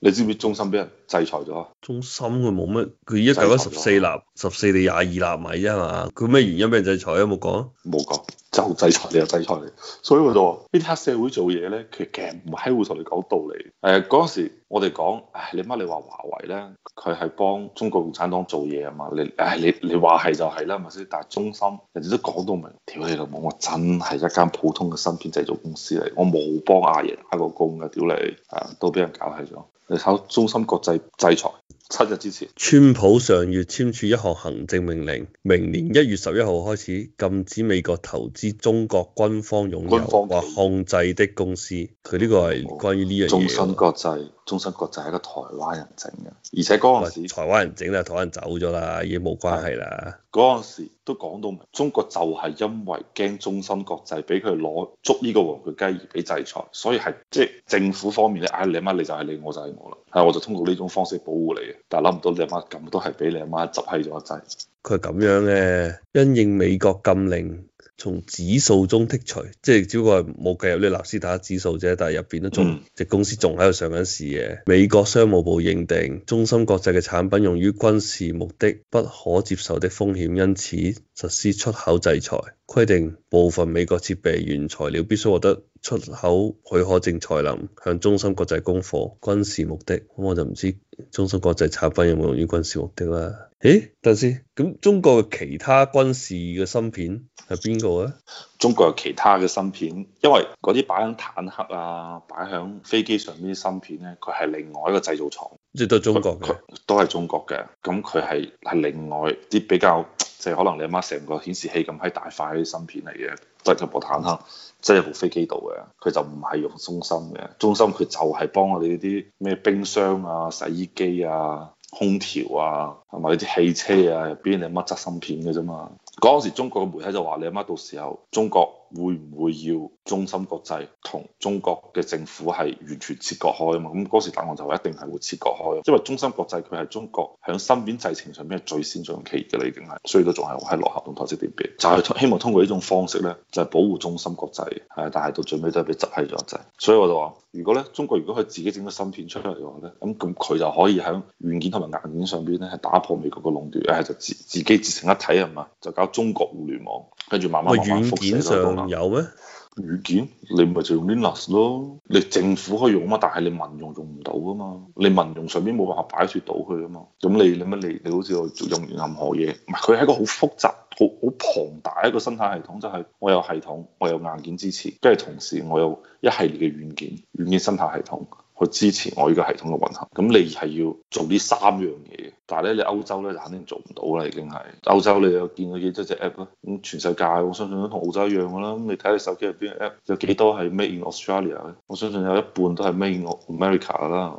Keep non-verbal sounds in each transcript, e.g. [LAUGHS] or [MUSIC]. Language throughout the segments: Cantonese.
你知唔知中心俾人制裁咗啊？中心佢冇乜，佢依家就一十四納，十四定廿二納米啫嘛。佢咩原因俾人制裁啊？有冇講？冇講。就制裁你又制裁你，所以我就話：呢啲黑社會做嘢咧，佢其實唔係會同你講道理。誒嗰時我哋講，唉你乜你話華為咧，佢係幫中國共產黨做嘢啊嘛？你唉你你話係就係啦，係咪先？但係中芯人哋都講到明，屌你老母，我真係一間普通嘅芯片製造公司嚟，我冇幫阿爺打過工嘅，屌你，啊都俾人搞係咗，你睇中芯國際制裁。七日之前，川普上月簽署一項行政命令，明年一月十一號開始禁止美國投資中國軍方擁有或控制的公司。佢呢個係關於呢樣嘢。中芯國際。中芯國際係一個台灣人整嘅，而且嗰陣時台灣人整啦，台灣人走咗啦，已經冇關係啦。嗰陣時都講到明，中國就係因為驚中芯國際俾佢攞捉呢個黃腳雞而俾制裁，所以係即係政府方面咧，唉，你阿媽你就係你，我就係我啦，係我就通過呢種方式保護你。但係諗唔到你阿媽咁都係俾你阿媽執閪咗一劑。佢係咁樣嘅因應美國禁令。從指數中剔除，即係只不過係冇計入啲納斯達克指數啫，但係入邊都仲隻公司仲喺度上緊市嘅。美國商務部認定中芯國際嘅產品用於軍事目的，不可接受的風險，因此實施出口制裁，規定部分美國設備原材料必須獲得出口許可證才能向中芯國際供貨軍事目的。咁我就唔知中芯國際產品有冇用於軍事目的啦。誒，等下先，咁中國嘅其他軍事嘅芯片係邊個咧？中國有其他嘅芯片，因為嗰啲擺響坦克啊，擺響飛機上面啲芯片咧，佢係另外一個製造廠，即係都中國嘅，都係中國嘅。咁佢係係另外啲比較，即係可能你阿媽成個顯示器咁喺大塊啲芯片嚟嘅，即係部坦克，即係部飛機度嘅，佢就唔係用中心嘅，中心佢就係幫我哋啲咩冰箱啊、洗衣機啊。空調啊，同埋啲汽車啊，入邊你有乜質芯片嘅啫嘛。嗰陣時中國嘅媒體就話：「你阿媽到時候中國。」會唔會要中芯國際同中國嘅政府係完全切割開啊嘛？咁嗰時答案就一定係會切割開，因為中芯國際佢係中國響芯片製程上邊最先進嘅企業嘅，已經係，所以都仲係喺落合同台先啲比，就係希望通過呢種方式咧，就係、是、保護中芯國際，係，但係到最尾都係被制裁咗，所以我就話，如果咧中國如果佢自己整個芯片出嚟嘅話咧，咁咁佢就可以喺軟件同埋硬件上邊咧係打破美國嘅壟斷，係就自自己自成一體啊嘛，就搞中國互聯網，跟住慢慢慢慢複寫咗。有咩軟件？你咪就用 Linux 咯。你政府可以用啊，但係你民用用唔到噶嘛。你民用上邊冇辦法擺脱到佢啊嘛。咁你你乜你你好似我用完任何嘢，唔係佢係一個好複雜、好好龐大一個生態系統。就係、是、我有系統，我有硬件支持，跟住同時我有一系列嘅軟件，軟件生態系統去支持我呢個系統嘅運行。咁你係要做呢三樣嘢。但係咧，你歐洲咧就肯定做唔到啦，已經係歐洲。你又見咗幾多隻 app 咯？咁全世界，我相信都同澳洲一樣噶啦。咁你睇你手機入邊嘅 app，有幾多係 Made in Australia 嘅？我相信有一半都係 Made in America 嘅啦，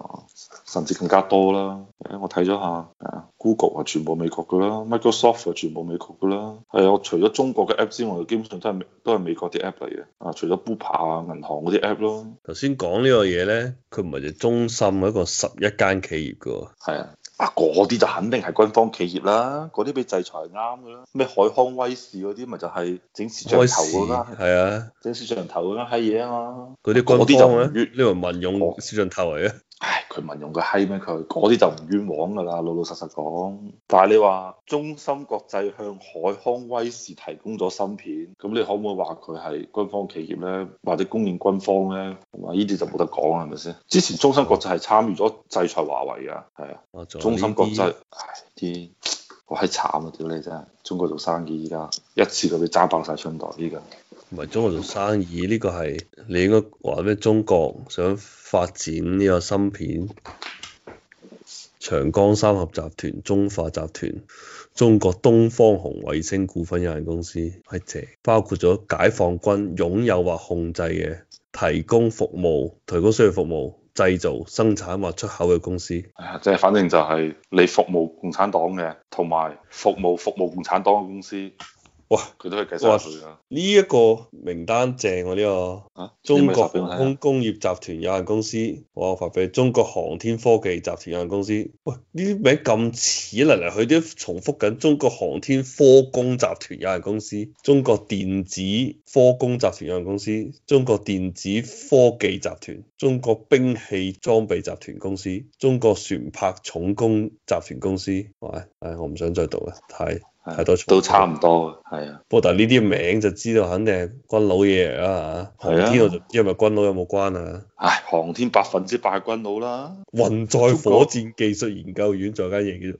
甚至更加多啦。誒，我睇咗下，Google 係全部美國噶啦，Microsoft 係全部美國噶啦。係我除咗中國嘅 app 之外，基本上都係都係美國啲 app 嚟嘅。啊，除咗 Bupa 啊、銀行嗰啲 app 咯。頭先講呢個嘢咧，佢唔係就中心一個十一間企業噶喎。係啊。啊！嗰啲就肯定係軍方企業啦，嗰啲俾制裁啱嘅啦。咩海康威視嗰啲咪就係、是、整攝像頭嗰間，係啊，整攝像頭嗰間係嘢啊嘛。嗰啲就，呢個民用攝像頭嚟嘅。唉佢民用嘅閪咩？佢嗰啲就唔冤枉噶啦，老老實實講。但係你話中芯國際向海康威視提供咗芯片，咁你可唔可以話佢係軍方企業呢？或者供應軍方呢？咧？哇！呢啲就冇得講啦，係咪先？之前中芯國際係參與咗制裁華為噶，係啊。中芯國際。我係慘啊！屌你真係，中國做生意而家一次過俾爭爆晒上台。依家唔係中國做生意呢，呢個係你應該話咩？中國想發展呢個芯片，長江三峽集團、中化集團、中國東方紅衛星股份有限公司係借，包括咗解放軍擁有或控制嘅，提供服務、提供商業服務。製造、生產或出口嘅公司，唉，即係反正就係你服務共產黨嘅，同埋服務服務共產黨嘅公司。哇！佢都係計晒佢噶呢一個名單正喎、啊、呢、這個、啊、中國航空工業集團有限公司，我發俾中國航天科技集團有限公司。喂，呢啲名咁似，嚟嚟去去都重複緊。中國航天科工集團有限公司、中國電子科工集團有限公司、中國電子科技集團、中國兵器裝備集團公司、中國船舶重工集團公司。喂，我唔想再讀啦，太～係都都差唔多，係啊。不過但係呢啲名就知道肯定係軍佬嘢嚟啦。航天我就知係咪軍佬有冇關啊？唉，航天百分之百軍佬啦。運載火箭技術研究院再間嘢啫。 [LAUGHS]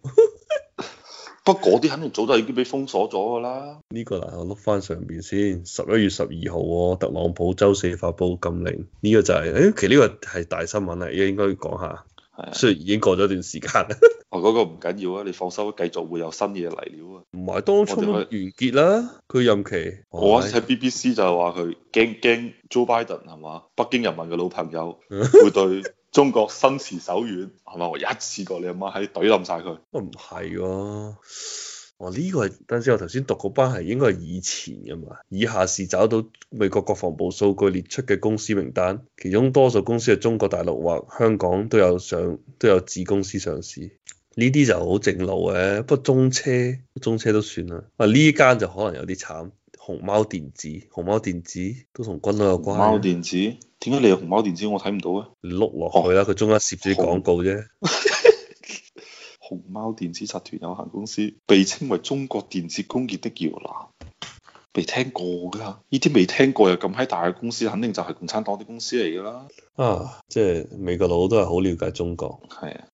不過嗰啲肯定早就已經俾封鎖咗噶啦。個呢個嗱，我碌 o 翻上邊先。十一月十二號，特朗普周四發布禁令。呢、這個就係、是、誒、哎，其實呢個係大新聞嚟嘅，應該講下。雖然已經過咗段時間啦，哦嗰個唔緊要啊，你放心，繼續會有新嘢嚟料啊。唔係當初完結啦，佢任期。我喺 B B C 就係話佢驚驚 Joe Biden 係嘛？北京人民嘅老朋友 [LAUGHS] 會對中國心慈手軟係嘛？我一次過你阿媽喺懟冧晒佢。唔係 [LAUGHS] 啊。哦，呢、這個係，等先，我頭先讀嗰班係應該係以前噶嘛。以下是找到美國國防部數據列出嘅公司名單，其中多數公司係中國大陸或香港都有上都有子公司上市。呢啲就好正路嘅，不過中車、中車都算啦。啊，呢間就可能有啲慘，熊貓電子，熊貓電，電子都同軍都有關，啊。熊貓電子，點解你有熊貓電子我睇唔到咧，啊？你碌落去啦，佢、哦、中間攝住啲廣告啫。熊貓 [LAUGHS] 熊貓電子集團有限公司，被稱為中國電子工業的搖籃，未聽過噶？呢啲未聽過又咁閪大嘅公司，肯定就係共產黨啲公司嚟噶啦。啊，即係美國佬都係好了解中國，係啊，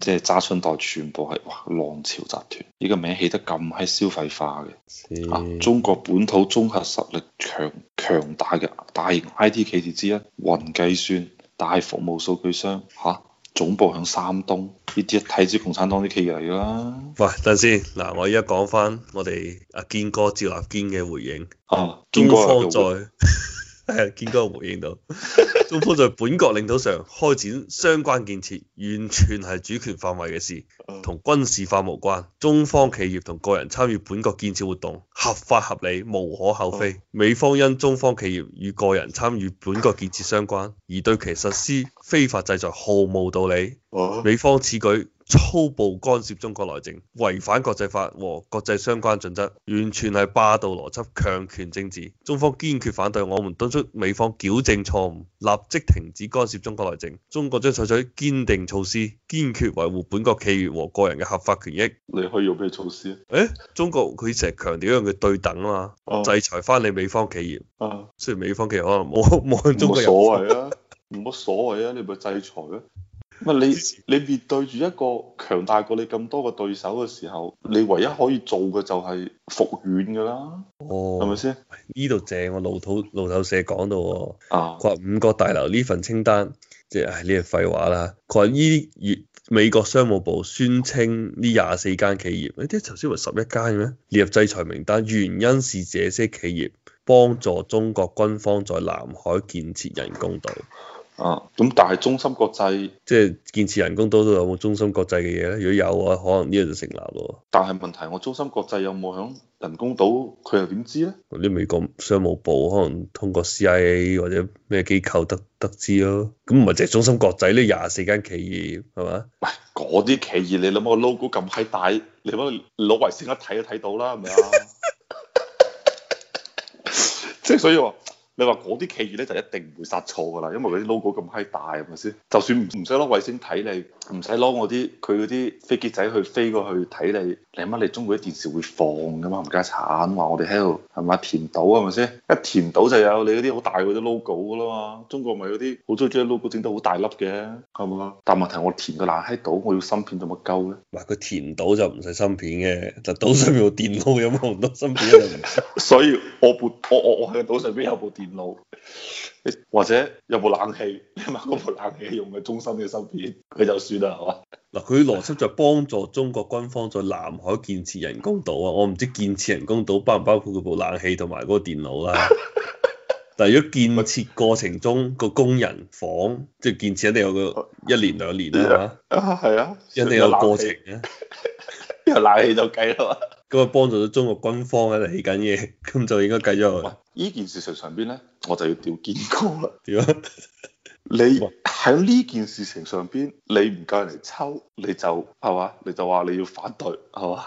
即係揸信代全部係哇浪潮集團，呢個名起得咁閪消費化嘅，是啊，中國本土綜合實力強強大嘅大型 I T 企業之一，雲計算大服務數據商，吓、啊。總部響山東，呢啲睇住共產黨啲企業嚟嘅啦。喂，等陣先，嗱，我而家講翻我哋阿堅哥趙立堅嘅回應。啊，堅哥在，係堅、啊、哥， [LAUGHS] [LAUGHS] 哥回應到。 [LAUGHS] 中方在本國領土上開展相關建設，完全係主權範圍嘅事，同軍事化無關。中方企業同個人參與本國建設活動，合法合理，無可厚非。啊、美方因中方企業與個人參與本國建設相關，而對其實施非法制裁，毫無道理。啊、美方此舉粗暴干涉中國內政，違反國際法和國際相關準則，完全係霸道邏輯、強權政治。中方堅決反對，我們敦促美方矯正錯誤，立即停止干涉中國內政，中國將採取堅定措施，堅決維護本國企業和個人嘅合法權益。你可以用咩措施啊？誒、欸，中國佢成日強調一樣嘅對等啊嘛，啊制裁翻你美方企業。啊，雖然美方企業可能冇冇入中國。冇乜所謂啊！冇乜所謂啊！你咪制裁啊！唔你，你面對住一個強大過你咁多個對手嘅時候，你唯一可以做嘅就係服軟噶啦，哦是是，係咪先？呢度正我路透路透社講到，佢話、啊、五角大樓呢份清單，即係呢啲廢話啦。佢話依月美國商務部宣稱呢廿四間企業，你啲頭先話十一間嘅咩？列入制裁名單，原因是這些企業幫助中國軍方在南海建設人工島。啊，咁、嗯、但係中心國際即係建設人工島都有冇中心國際嘅嘢咧？如果有話，可能呢樣就成立咯。但係問題我中心國際有冇響人工島？佢又點知咧？啲美國商務部可能通過 CIA 或者咩機構得得知咯。咁唔係淨係中心國際呢廿四間企業係嘛？喂，嗰啲、哎、企業你諗下 logo 咁閪大，你攞維先一睇都睇到啦，係咪啊？即係 [LAUGHS] [LAUGHS] [LAUGHS] 所以話。你話嗰啲企業咧就一定唔會殺錯噶啦，因為嗰啲 logo 咁閪大係咪先？就算唔唔使攞衛星睇你，唔使攞我啲佢嗰啲飛機仔去飛過去睇你，你諗下，你中國啲電視會放噶嘛？冚家鏟話我哋喺度係咪？填島係咪先？一填島就有你嗰啲好大嗰啲 logo 噶啦嘛？中國咪有啲好中意將啲 logo 整得好大粒嘅，係咪啊？但問題我填個爛閪島，我要芯片做乜鳩咧？嗱，佢填島就唔使芯片嘅，就島上面有電腦有冇用多芯片 [LAUGHS] 所以我撥我我我喺個島上邊有部電。 [LAUGHS] 電腦，或者有部冷氣，你買嗰部冷氣用嘅中心嘅芯片，佢就算啦，係嘛？嗱，佢邏輯就幫助中國軍方在南海建設人工島啊！我唔知建設人工島包唔包括佢部冷氣同埋嗰個電腦啦。但係如果建設過程中個工人房，即係建設一定有個一年兩年啦，係 [LAUGHS] 啊，啊一定有過程嘅，有 [LAUGHS] 冷氣就計咯。咁啊，幫助咗中國軍方喺度起緊嘢，咁就應該繼續。呢件事上上邊咧，我就要掉肩哥啦。點啊怎樣？ [LAUGHS] 你喺呢件事情上邊，你唔夠人嚟抽，你就係嘛？你就話你要反對係嘛？ [LAUGHS]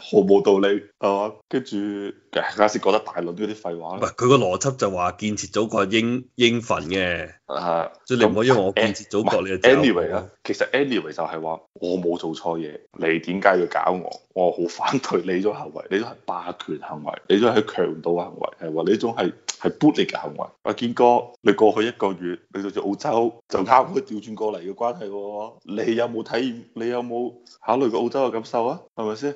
毫無道理係嘛？跟住誒，啱先講得大陸都有啲廢話。唔佢個邏輯就話建設祖國係應應份嘅，即係、啊、你唔可以我建設祖國。不你嘅 anyway 咧，其實 anyway 就係話我冇做錯嘢，你點解要搞我？我好反對你種行為，你都係霸權行為，你都係強盜行為，係話你種係。係 bully 嘅行為。阿健哥，你過去一個月，你到咗澳洲就啱好調轉過嚟嘅關係喎、哦。你有冇體驗？你有冇考慮過澳洲嘅感受啊？係咪先？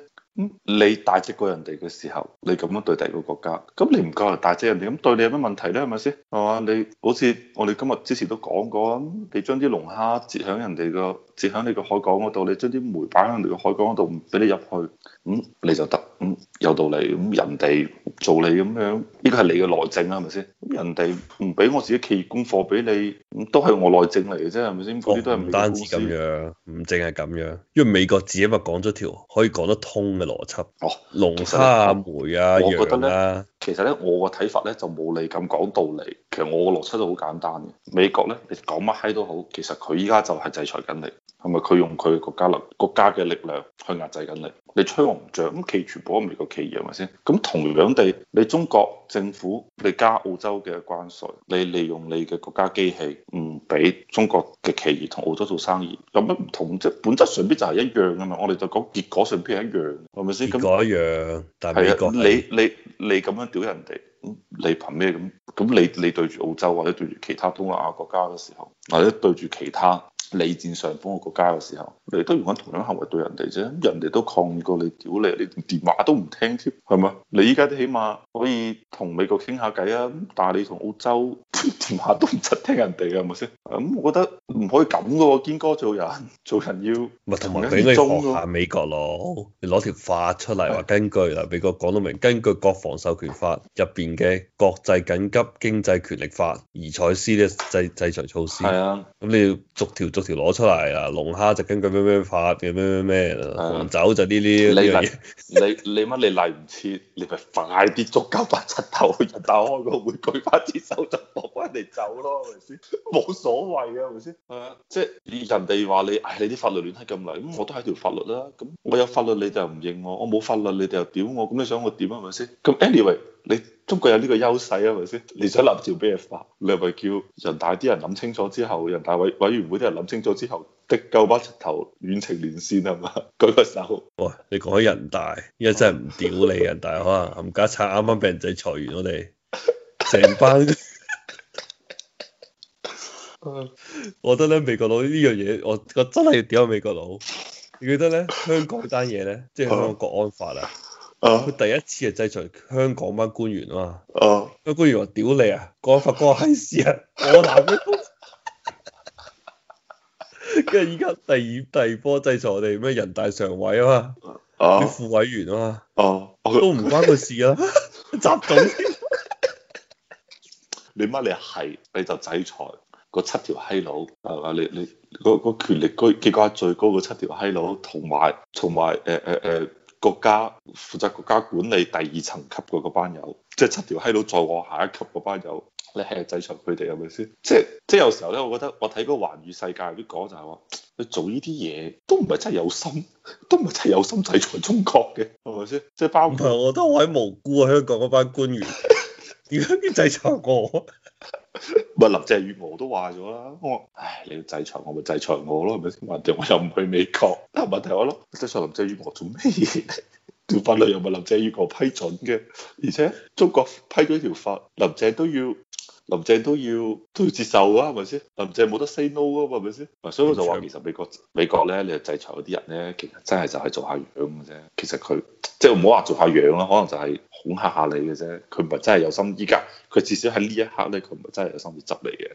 你大隻過人哋嘅時候，你咁樣對第二個國家，咁你唔夠人大隻人哋，咁對你有乜問題呢？係咪先？係嘛？你好似我哋今日之前都講過，你將啲龍蝦截喺人哋個，截喺你個海港嗰度，你將啲煤擺喺人哋個海港嗰度，唔俾你入去。咁、嗯、你就得，咁、嗯、有道理，咁、嗯、人哋做你咁樣，呢個係你嘅內政啊，係咪先？人哋唔俾我自己企業供貨俾你，嗯、都係我內政嚟嘅啫，係咪先？嗰啲、哦、都係唔單止咁樣，唔淨係咁樣，因為美國自己咪講咗條可以講得通嘅邏輯。哦，龍沙梅啊，啊啊我覺得咧，其實咧，我嘅睇法咧就冇你咁講道理。其實我嘅邏輯都好簡單嘅。美國咧，你講乜閪都好，其實佢依家就係制裁緊你，係咪？佢用佢國家力國家嘅力量去壓制緊你，你吹咁，企全部美國企業係咪先？咁同樣地，你中國政府你加澳洲嘅關稅，你利用你嘅國家機器唔俾中國嘅企業同澳洲做生意，有乜唔同？即本質上邊就係一樣㗎嘛！我哋就講結果上邊係一樣，係咪先？結果一樣，但係你你你咁樣屌人哋，你憑咩咁？咁你你對住澳洲或者對住其他東亞國家嘅時候，或者對住其他。你佔上風嘅國家嘅時候，你都唔緊同樣行為對人哋啫，人哋都抗議過你，屌你，你連電話都唔聽添，係咪？你依家都起碼可以同美國傾下偈啊，但係你同澳洲電話都唔出聽人哋啊，係咪先？咁、嗯、我覺得唔可以咁噶喎，堅哥做人做人要講唔係，同埋俾你學下美國咯，你攞條法出嚟話根據啦，的美國講到明，根據國防授權法入邊嘅國際緊急經濟權力法而採取呢個制制裁措施。係啊的，咁你要逐條到時攞出嚟啊，龍蝦就根據咩咩法嘅咩咩咩啦，紅酒就呢啲呢樣嘢 [LAUGHS] [MUSIC] 你你乜你嚟唔切？你咪快啲捉九百隻頭去人，但開個會，舉翻啲手就攞翻哋走咯，係咪先？冇所謂啊，係咪先？係啊，即係人哋話你唉、哎，你啲法律亂閪咁嚟，咁我都係條法律啦。咁我有法律你哋又唔認我，我冇法律你哋又屌我，咁你想我點啊？係咪先？咁 anyway。你中國有呢個優勢啊，咪先你想立照俾人發，你係咪叫人大啲人諗清楚之後，人大委委員會啲人諗清楚之後，的夠把石頭遠程連線係嘛？舉個手。喂，你講起人大，依家真係唔屌你 [LAUGHS] 人大啊！冚家鏟啱啱俾人制裁完，我哋成班。我覺得咧，美國佬呢樣嘢，我我真係要屌下美國佬。你覺得咧，香港單嘢咧，即係香港國安法啊？佢、啊、第一次係制裁香港班官員嘛啊嘛，啲官員話屌你啊，講法國法哥係事啊，我難你。跟住依家第二第二波制裁我哋咩人大常委嘛啊嘛，啲副委員啊嘛，都唔關佢事啊！集、啊、中。啊啊啊、你乜你係你就制裁嗰七條閪佬係嘛？你你嗰嗰權力居，即係最高嘅七條閪佬，同埋同埋誒誒誒。國家負責國家管理第二層級嗰班友，即係七條閪佬再過下一級嗰班友，你係制裁佢哋係咪先？即係即係有時候咧，我覺得我睇嗰個環宇世界啲講就係話，你做呢啲嘢都唔係真係有心，都唔係真係有心制裁中國嘅，係咪先？即係包唔係，我覺得我鬼無辜啊！香港嗰班官員。 [LAUGHS] 點解要制裁我？咪 [LAUGHS] 林鄭月娥都話咗啦！我唉，你要制裁我咪，就是，制裁我咯，係咪先？問題我又唔去美國。問題我咯，制裁林鄭月娥做咩嘢？條 [LAUGHS] 法律又唔係林鄭月娥批准嘅，而且中國批咗條法，林鄭都要。林鄭都要都要接受啊，係咪先？林鄭冇得 say no 啊，嘛係咪先？所以我就話，其實美國美國咧，你制裁嗰啲人咧，其實真係就係做下樣嘅啫。其實佢即係唔好話做下樣啦，可能就係恐嚇下你嘅啫。佢唔係真係有心，依家佢至少喺呢一刻咧，佢唔係真係有心要執你嘅。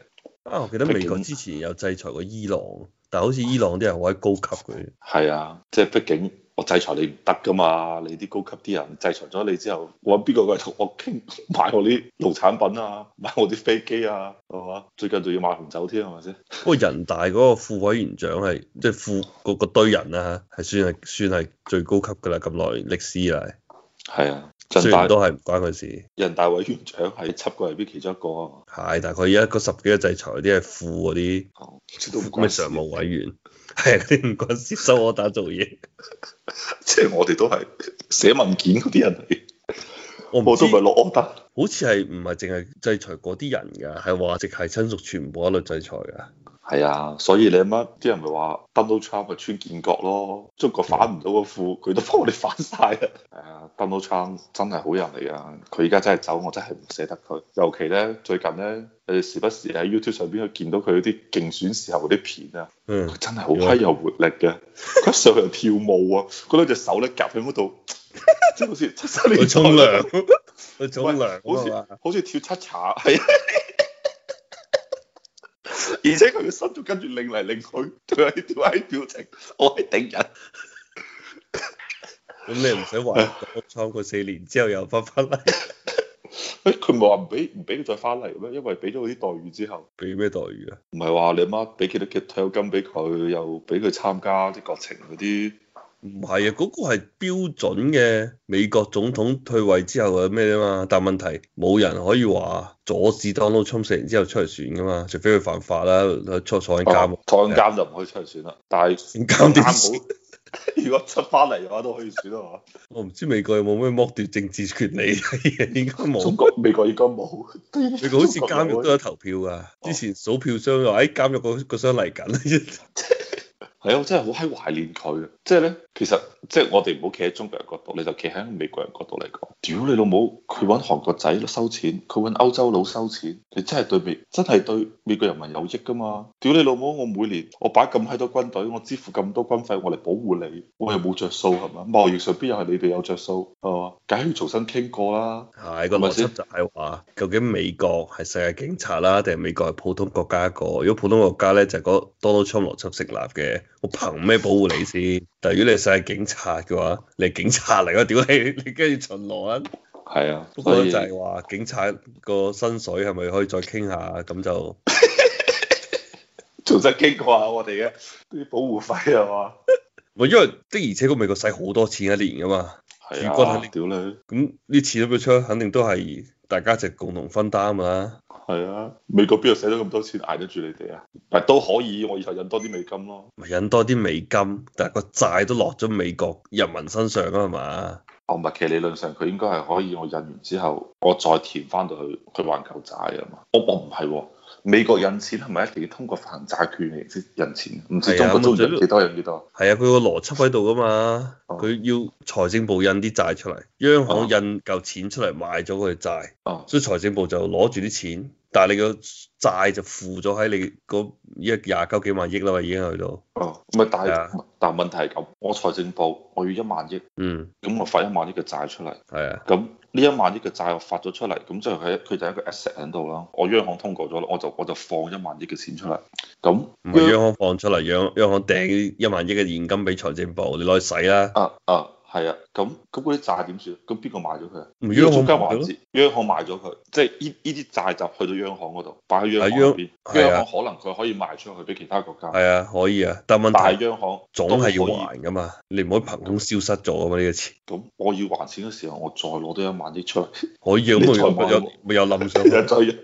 啊，我記得美國之前有制裁過伊朗，竟但係好似伊朗啲人好閪高級嘅。係啊，即係畢竟。我制裁你唔得噶嘛，你啲高級啲人制裁咗你之後，揾邊個過嚟同我傾買我啲農產品啊，買我啲飛機啊，係嘛？最近仲要買紅酒添，係咪先？不過人大嗰個副委員長係即係副嗰、那個、堆人啊，係算係算係最高級噶啦，咁耐歷史啊，係啊。雖然都係唔關佢事，人大委員長係七個入邊其中一個，係大概而家十幾個制裁啲係副嗰啲，咩常務委員係啲唔關事，收 order 做嘢，即係 [LAUGHS] 我哋都係寫文件嗰啲人嚟， [LAUGHS] 我唔知咪落 order，好似係唔係淨係制裁嗰啲人噶，係話直係親屬全部一律制裁噶。係啊，所以你諗乜啲人咪話 Donald Trump 咪川建國咯，中國反唔到個褲，佢都幫我哋反晒啊！係啊 [LAUGHS] ，Donald Trump 真係好人嚟啊！佢而家真係走，我真係唔捨得佢。尤其咧最近咧，誒時不時喺 YouTube 上邊去見到佢啲競選時候嗰啲片啊，佢、嗯、真係好嗨有活力嘅。佢一上嚟跳舞啊，佢 [LAUGHS] 兩隻手咧夾喺嗰度，即 [LAUGHS] 好似七十年代去沖涼，去澡涼，好似 [LAUGHS] 跳七茶係。而且佢嘅心都跟住擰嚟擰去，仲有啲仲有啲表情，我係頂人。咁你唔使懷疑，當參過四年之後又翻翻嚟？誒，佢唔係話唔俾唔俾佢再翻嚟咩？因為俾咗嗰啲待遇之後，俾咩待遇啊？唔係話你阿媽俾幾多嘅退休金俾佢，又俾佢參加啲國情嗰啲。唔係啊，嗰、嗰個係標準嘅美國總統退位之後係咩啊嘛，但問題冇人可以話阻止 Donald Trump 食完之後出嚟選噶嘛，除非佢犯法啦，坐坐喺監獄，坐喺監、哦、就唔可以出嚟選啦。但係監啲，如果出翻嚟嘅話都可以選啊嘛。 [LAUGHS] 我唔知美國有冇咩剝奪政治權利啊？ [LAUGHS] 應該冇沒。美國美國應該冇。美國好似監獄都有投票噶，之前數票箱話監獄個個箱嚟緊。哎 [LAUGHS] 係我真係好閪懷念佢，即係咧，其實即係、就是、我哋唔好企喺中國人角度，你就企喺美國人角度嚟講。屌你老母，佢揾韓國仔收錢，佢揾歐洲佬收錢，你真係對美真係對美國人民有益㗎嘛？屌你老母，我每年我擺咁閪多軍隊，我支付咁多軍費，我嚟保護你，我又冇着數係嘛？貿易上邊又係你哋有着數係嘛？梗係要重新傾過啦。係、那個邏輯就係話，是是究竟美國係世界警察啦，定係美國係普通國家一個？如果普通國家咧，就嗰多刀槍邏輯成立嘅。我憑咩保護你先？但係如果你想係警察嘅話，你警察嚟啊！屌你，你跟住巡邏啊！係啊，不過就係話警察個薪水係咪可以再傾下？咁就重新傾過下我哋嘅啲保護費啊嘛！係 [LAUGHS] 因為的而且確美國使好多錢一年噶嘛，主軍、啊、肯定屌你，咁呢次都俾佢出，肯定都係。大家就共同分擔啊嘛？係啊，美國邊度使咗咁多錢捱得住你哋啊？但都可以，我以後印多啲美金咯。咪印多啲美金，但係個債都落咗美國人民身上啦，係嘛？哦，唔係，其實理論上佢應該係可以，我印完之後，我再填翻到去，去還舊債啊嘛。我我唔係喎。美國印錢係咪一定要通過發行債券嚟，先印錢？唔似、啊、中國幾多印幾多？係啊，佢個邏輯喺度噶嘛，佢、哦、要財政部印啲債出嚟，央行印夠錢出嚟買咗佢嘅債，哦、所以財政部就攞住啲錢。但係你個債就付咗喺你嗰一廿九幾萬億啦，已經去到。哦，唔係，的但係但係問題係咁，我財政部我要一萬億，嗯，咁我發一萬億嘅債出嚟，係啊、就是，咁呢一萬億嘅債我發咗出嚟，咁就喺佢就一個 asset 喺度啦。我央行通過咗，我就我就放一萬億嘅錢出嚟，咁唔係央行放出嚟、嗯，央央行掟一萬億嘅現金俾財政部，你攞去使啦、啊。啊啊！係啊，咁咁嗰啲債點算？咁邊個買咗佢啊？如果中間環節，央行買咗佢，即係呢依啲債就去到央行嗰度，擺喺央行入邊。央行可能佢可以賣出去俾其他國家。係啊，可以啊，但係問題央行總係要還噶嘛，你唔可以憑空消失咗啊嘛，呢個錢。咁那我要還錢嘅時候，我再攞多一萬億出嚟。以有有我以咁啊，有有冇有諗上？ [LAUGHS]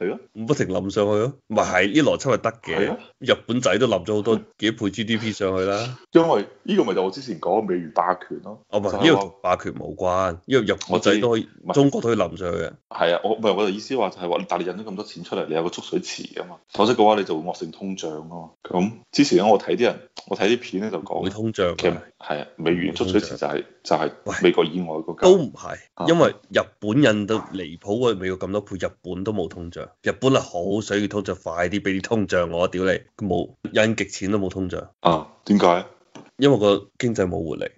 係咯，咁不停冧上去咯，咪係呢邏輯係得嘅。的日本仔都冧咗好多幾倍 GDP 上去啦。 [LAUGHS] 因為呢個咪就我之前講美元霸權咯。哦是，唔係呢個霸權冇關，因為日本仔都，可以，中國都可以冧上去嘅。係啊，我唔係我嘅意思話就係話，你大你印咗咁多錢出嚟，你有個蓄水池啊嘛。否則嘅話你就會惡性通脹啊嘛。咁之前咧我睇啲人，我睇啲片咧就講會通脹嘅。係啊，美元蓄水池就係、是、就係、是、美國以外國家喂都唔係，因為日本印到離譜過美國咁多倍，日本都冇通脹。日本好想要通脹，快啲，俾啲通脹我，屌你，佢冇印極錢都冇通脹啊？點解？因為個經濟冇活力。